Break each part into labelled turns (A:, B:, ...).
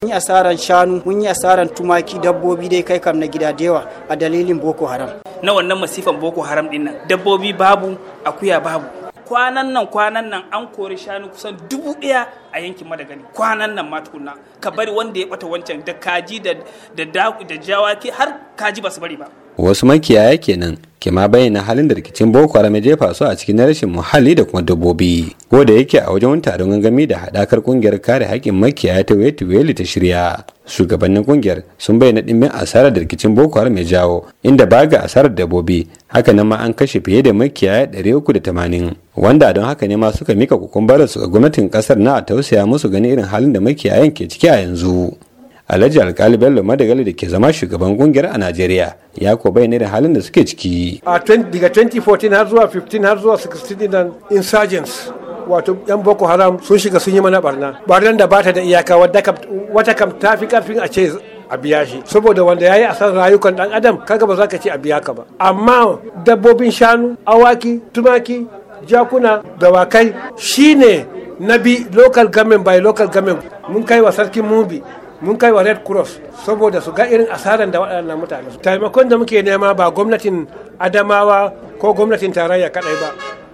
A: Mun yi asaran shanu, mun yi asaran tumaki, dabbobi dai kai kam na gida dewa a dalilin Boko Haram.
B: Na wannan masifan Boko Haram din nan, dabbobi babu, akuya babu. Kwanan nan kwanan nan an kori shanu kusan dubu ɗaya a yankin Madagani. Kwanan nan ma tukuna. Ka bari wanda ya bata wancan da kaji da da da jawaki har kaji ba su bari ba.
C: Wasu makiyaya kenan ke ma bayyana halin da rikicin boko haram ya jefa su a cikin na rashin muhalli da kuma dabbobi ko da yake a wajen taron gangami da hadakar ƙungiyar kare haƙƙin makiyaya ta wetuweli ta shirya shugabannin ƙungiyar sun bayyana ɗimbin asarar da rikicin boko haram ya jawo inda ba ga asarar dabbobi haka nan ma an kashe fiye da makiyaya ɗari uku da tamanin wanda don haka ne ma suka mika kukumbarar su ga gwamnatin ƙasar na a tausaya musu ganin irin halin da makiyayan ke ciki a yanzu alhaji alkali bello madagali da ke zama shugaban kungiyar a najeriya ya ko bayyana da halin da suke ciki
D: a daga 2014 har zuwa 15 har zuwa 16 nan insurgents wato yan boko haram sun shiga sun yi mana barna barnan da bata da iyaka wata kam ta fi karfin a ce a biya shi saboda wanda ya yi san rayukan dan adam kaga ba za ka ce a biya ka ba amma dabbobin shanu awaki tumaki jakuna dawakai shine na bi local government by local government mun kai wa sarkin mubi mun kai wa red cross saboda su ga irin asaran da waɗannan mutane taimakon da muke nema ba gwamnatin adamawa ko gwamnatin tarayya kadai ba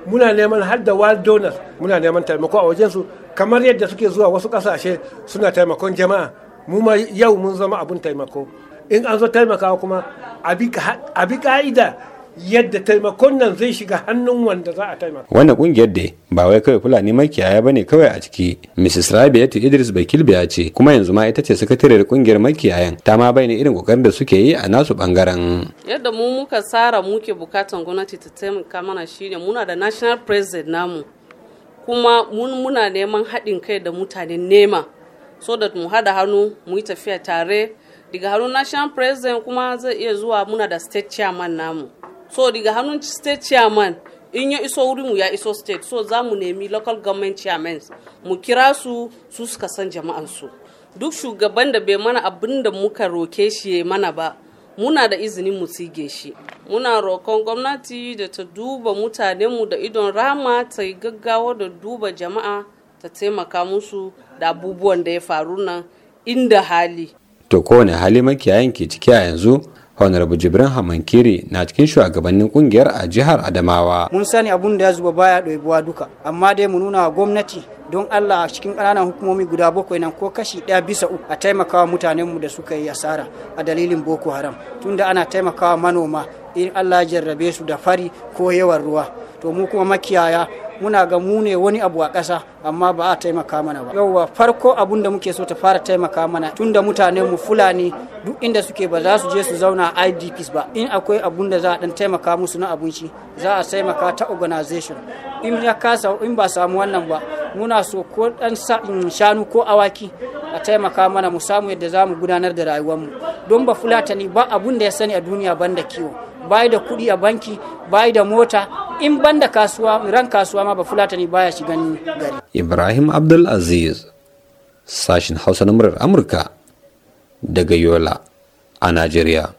D: muna neman har da world donors muna neman taimako a wajen su kamar yadda suke zuwa wasu ƙasashe suna taimakon jama'a mu ma yau mun zama abun taimako in an zo taimakawa kuma a bi ka'ida yadda taimakon nan zai shiga hannun wanda za a taimaka.
C: Wannan kungiyar da ba wai kawai Fulani makiyaya bane kawai a ciki. Mrs. Rabiatu Idris Bakilbe ya ce kuma yanzu ma ita ce sakatariyar kungiyar makiyayan ta ma bayyana irin kokarin da suke yi a nasu bangaren.
B: Yadda mu muka tsara muke bukatan gwamnati ta taimaka mana shine muna da national president namu kuma mun muna neman haɗin kai da mutanen nema so da mu haɗa hannu mu yi tafiya tare daga hannun national president kuma zai iya zuwa muna da state chairman namu so daga hannun state chairman in ya iso wurinmu ya iso state so za mu nemi local government chairman mu kira su su suka san jama'ansu duk shugaban da bai mana abin da muka roke shi ya mana ba muna da izinin mu sige shi muna rokon gwamnati da ta duba mutanenmu da idon rama ta yi gaggawa da duba jama'a ta taimaka musu da abubuwan da ya faru nan inda hali
C: to kowane hali makiyayin ke ciki a yanzu honorable jibrin hamankiri na cikin shugabannin kungiyar a jihar adamawa
A: mun sani abun da ya zuba baya ɗoyibuwa duka amma dai mu nuna wa gwamnati don allah a cikin ƙananan hukumomi guda bakwai nan ko kashi ɗaya bisa uku a taimakawa mutanenmu da suka yi asara a dalilin boko haram tunda ana taimakawa manoma in allah ya jarrabe su da fari ko yawan ruwa to mu kuma makiyaya muna ga mu ne wani abu a ƙasa amma ba a taimaka mana ba yauwa farko abun da muke so ta fara taimaka mana tunda mutanen mu fulani duk inda suke ba za su je su zauna idps ba in akwai abun da za a dan taimaka musu na abinci za a taimaka ta organization in ya kasa in ba samu wannan ba muna so ko dan mm, shanu ko awaki a taimaka mana mu samu yadda za mu gudanar da rayuwarmu don ba fulatani ba abun da ya sani a duniya banda kiwo bai da kuɗi a banki bai da mota in banda kasuwa ran kasuwa ma ba fulata ne baya shigan gari
C: ibrahim abdul aziz sashin hausa na murar amurka daga yola a najeriya